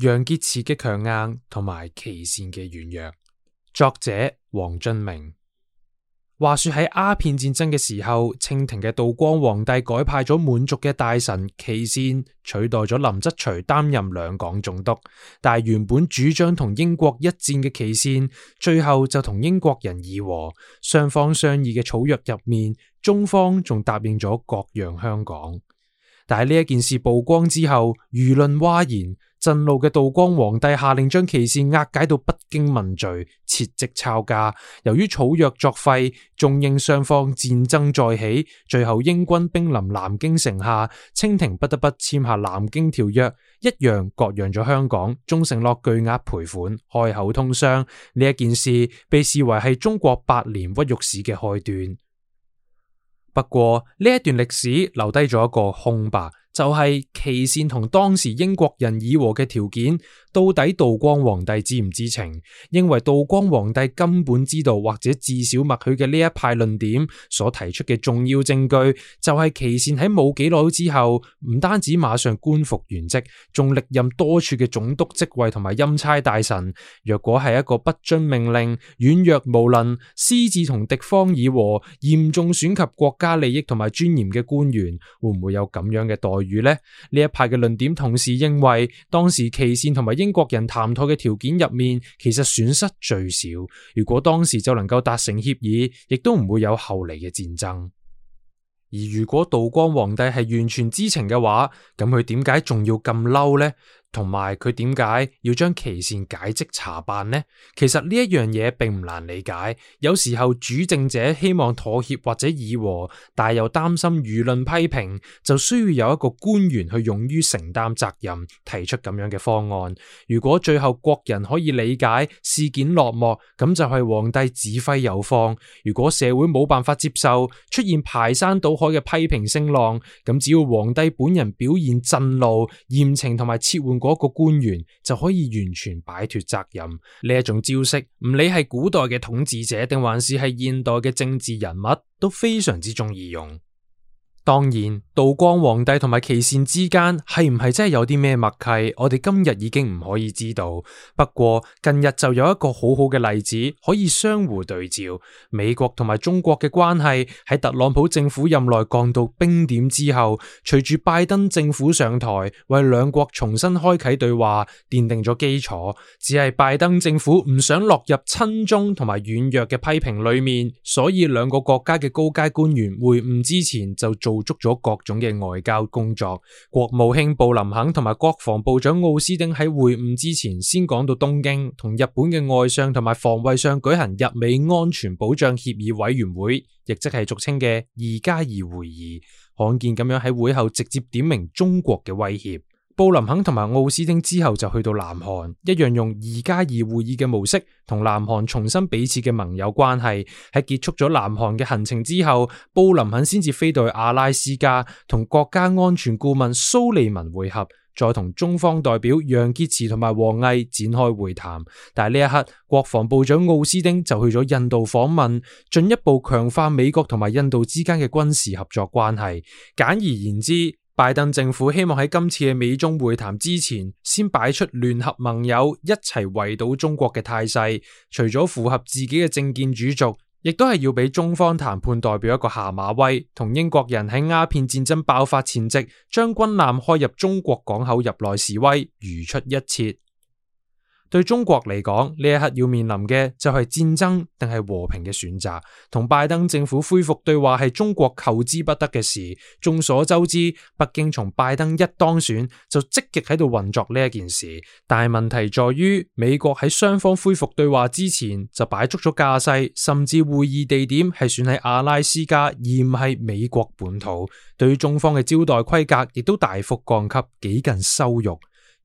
楊潔篪嘅強硬，同埋琦善嘅軟弱。作者王臻明。話說喺鴉片戰爭嘅時候，清廷嘅道光皇帝改派咗滿族嘅大臣琦善取代咗林則徐擔任兩廣總督，但係原本主張同英國一戰嘅琦善，最後就同英國人議和，雙方商議嘅草約入面，中方仲答應咗割讓香港。但係呢一件事曝光之後，輿論嘩然。震怒嘅道光皇帝下令將琦善押解到北京問罪，撤職抄家。由於草約作廢，中英雙方戰爭再起，最後英軍兵臨南京城下，清廷不得不簽下《南京條約》，一樣割讓咗香港，仲承諾巨額賠款、開口通商。呢一件事被視為係中國百年屈辱史嘅開端。不過呢一段歷史留低咗一個空白。就係琦善同當時英國人議和嘅條件。到底道光皇帝知唔知情？認為道光皇帝根本知道或者至少默許嘅呢一派論點所提出嘅重要證據，就係琦善喺冇幾耐之後，唔單止馬上官復原職，仲歷任多處嘅總督職位同埋欽差大臣。若果係一個不遵命令、軟弱無能、私自同敵方議和、嚴重損及國家利益同埋尊嚴嘅官員，會唔會有咁樣嘅待遇呢？呢一派嘅論點同時認為，當時琦善同埋。英國人談妥嘅條件入面，其實損失最少。如果當時就能夠達成協議，亦都唔會有後嚟嘅戰爭。而如果道光皇帝係完全知情嘅話，咁佢點解仲要咁嬲呢？同埋佢點解要將琦善解職查辦呢？其實呢一樣嘢並唔難理解。有時候主政者希望妥協或者議和，但又擔心輿論批評，就需要有一個官員去勇於承擔責任，提出咁樣嘅方案。如果最後國人可以理解事件落幕，咁就係皇帝指揮有方；如果社會冇辦法接受，出現排山倒海嘅批評聲浪，咁只要皇帝本人表現震怒、嚴懲同埋撤換。嗰個官員就可以完全擺脫責任。呢一種招式，唔理係古代嘅統治者，定還是係現代嘅政治人物，都非常之中意用。當然，道光皇帝同埋琦善之間係唔係真係有啲咩默契，我哋今日已經唔可以知道。不過近日就有一個好好嘅例子可以相互對照。美國同埋中國嘅關係喺特朗普政府任內降到冰點之後，隨住拜登政府上台，為兩國重新開啟對話奠定咗基礎。只係拜登政府唔想落入親中同埋軟弱嘅批評裏面，所以兩個國家嘅高階官員會晤之前就做，捕捉咗各種嘅外交工作，國務卿布林肯同埋國防部長奧斯丁喺會晤之前先講到東京同日本嘅外相同埋防衛相舉行日美安全保障協議委員會，亦即係俗稱嘅二加二會議，罕見咁樣喺會後直接點名中國嘅威脅。布林肯同埋奧斯汀之後就去到南韓，一樣用二加二會議嘅模式，同南韓重新彼此嘅盟友關係。喺結束咗南韓嘅行程之後，布林肯先至飛到阿拉斯加，同國家安全顧問蘇利文會合，再同中方代表楊潔篪同埋王毅展開會談。但係呢一刻，國防部長奧斯汀就去咗印度訪問，進一步強化美國同埋印度之間嘅軍事合作關係。簡而言之，拜登政府希望喺今次嘅美中會談之前，先擺出聯合盟友一齊圍堵中國嘅態勢，除咗符合自己嘅政見主軸，亦都係要俾中方談判代表一個下馬威，同英國人喺鴉片戰爭爆發前夕，將軍艦開入中國港口入內示威，如出一轍。對中國嚟講，呢一刻要面臨嘅就係戰爭定係和平嘅選擇。同拜登政府恢復對話係中國求之不得嘅事。眾所周知，北京從拜登一當選就積極喺度運作呢一件事。但係問題在於，美國喺雙方恢復對話之前就擺足咗架勢，甚至會議地點係選喺阿拉斯加而唔係美國本土。對中方嘅招待規格亦都大幅降級，幾近羞辱。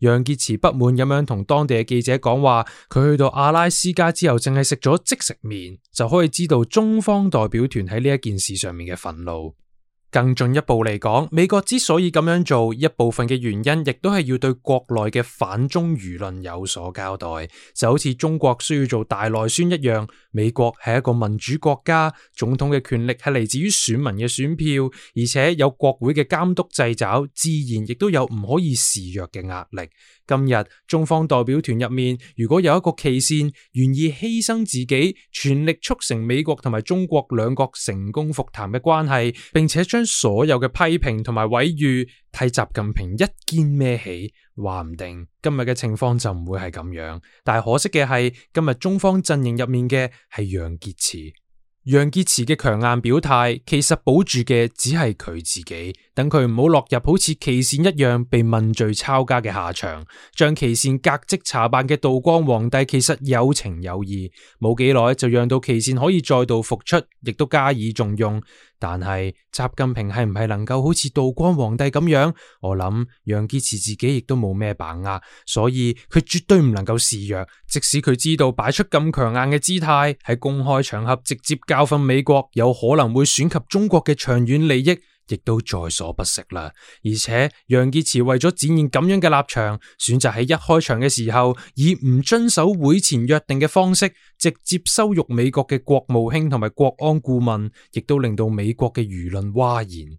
楊潔篪不滿咁樣同當地嘅記者講話，佢去到阿拉斯加之後，淨係食咗即食麵，就可以知道中方代表團喺呢件事上面嘅憤怒。更進一步嚟講，美國之所以咁樣做，一部分嘅原因亦都係要對國內嘅反中輿論有所交代，就好似中國需要做大內宣一樣。美國係一個民主國家，總統嘅權力係嚟自於選民嘅選票，而且有國會嘅監督掣肘，自然亦都有唔可以示弱嘅壓力。今日中方代表團入面，如果有一個琦善願意犧牲自己，全力促成美國同埋中國兩國成功復談嘅關係，並且將所有嘅批評同埋毀譽替習近平一肩孭起，話唔定今日嘅情況就唔會係咁樣。但係可惜嘅係，今日中方陣營入面嘅係楊潔篪。楊潔篪嘅強硬表態，其實保住嘅只係佢自己，等佢唔好落入好似琦善一樣被問罪抄家嘅下場。將琦善革職查辦嘅道光皇帝，其實有情有義，冇幾耐就讓到琦善可以再度復出，亦都加以重用。但係，習近平係唔係能夠好似道光皇帝咁樣？我諗楊潔篪自己亦都冇咩把握，所以佢絕對唔能夠示弱，即使佢知道擺出咁強硬嘅姿態喺公開場合直接教訓美國，有可能會損及中國嘅長遠利益。亦都在所不惜啦，而且楊潔篪為咗展現咁樣嘅立場，選擇喺一開場嘅時候，以唔遵守會前約定嘅方式，直接羞辱美國嘅國務卿同埋國安顧問，亦都令到美國嘅輿論嘩然。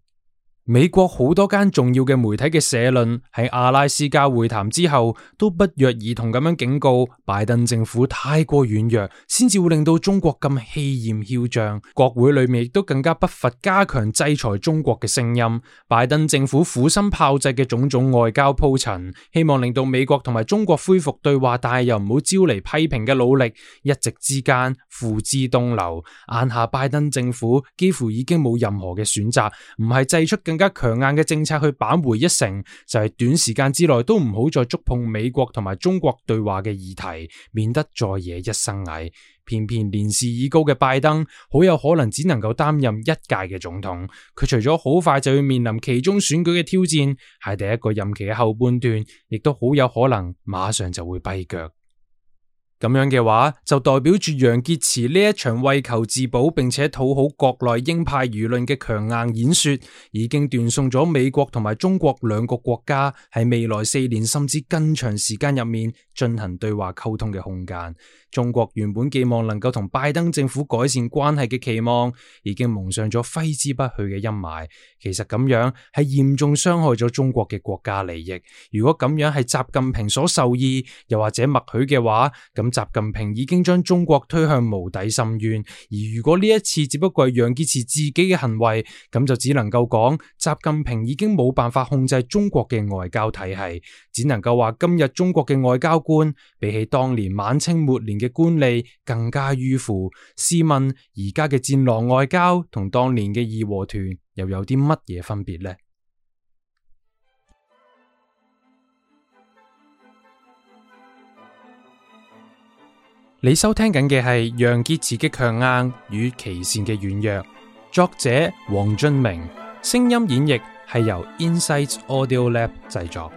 美國好多間重要嘅媒體嘅社論，喺阿拉斯加會談之後，都不約而同咁樣警告拜登政府太過軟弱，先至會令到中國咁氣焰囂張。國會裏面亦都更加不乏加強制裁中國嘅聲音。拜登政府苦心炮製嘅種種外交鋪陳，希望令到美國同埋中國恢復對話，但係又唔好招嚟批評嘅努力，一夕之間付之東流。眼下拜登政府幾乎已經冇任何嘅選擇，唔係祭出更更加強硬嘅政策去扳回一城，就係、是、短時間之內都唔好再觸碰美國同埋中國對話嘅議題，免得再惹一身蟻。偏偏年事已高嘅拜登，好有可能只能夠擔任一屆嘅總統。佢除咗好快就要面臨期中選舉嘅挑戰，喺第一個任期嘅後半段，亦都好有可能馬上就會跛腳。咁樣嘅話，就代表住楊潔篪呢一場為求自保並且討好國內鷹派輿論嘅強硬演說，已經斷送咗美國同埋中國兩個國家喺未來四年甚至更長時間入面進行對話溝通嘅空間。中國原本寄望能夠同拜登政府改善關係嘅期望，已經蒙上咗揮之不去嘅陰霾。其實咁樣係嚴重傷害咗中國嘅國家利益。如果咁樣係習近平所授意又或者默許嘅話，咁。習近平已經將中國推向無底深淵，而如果呢一次只不過係楊潔篪自己嘅行為，咁就只能夠講，習近平已經冇辦法控制中國嘅外交體系，只能夠話今日中國嘅外交官比起當年晚清末年嘅官吏更加迂腐。試問而家嘅戰狼外交同當年嘅義和團又有啲乜嘢分別呢？你收聽緊嘅係《楊潔篪的強硬與琦善嘅軟弱》，作者王臻明，聲音演繹係由 Insight Audio Lab 製作。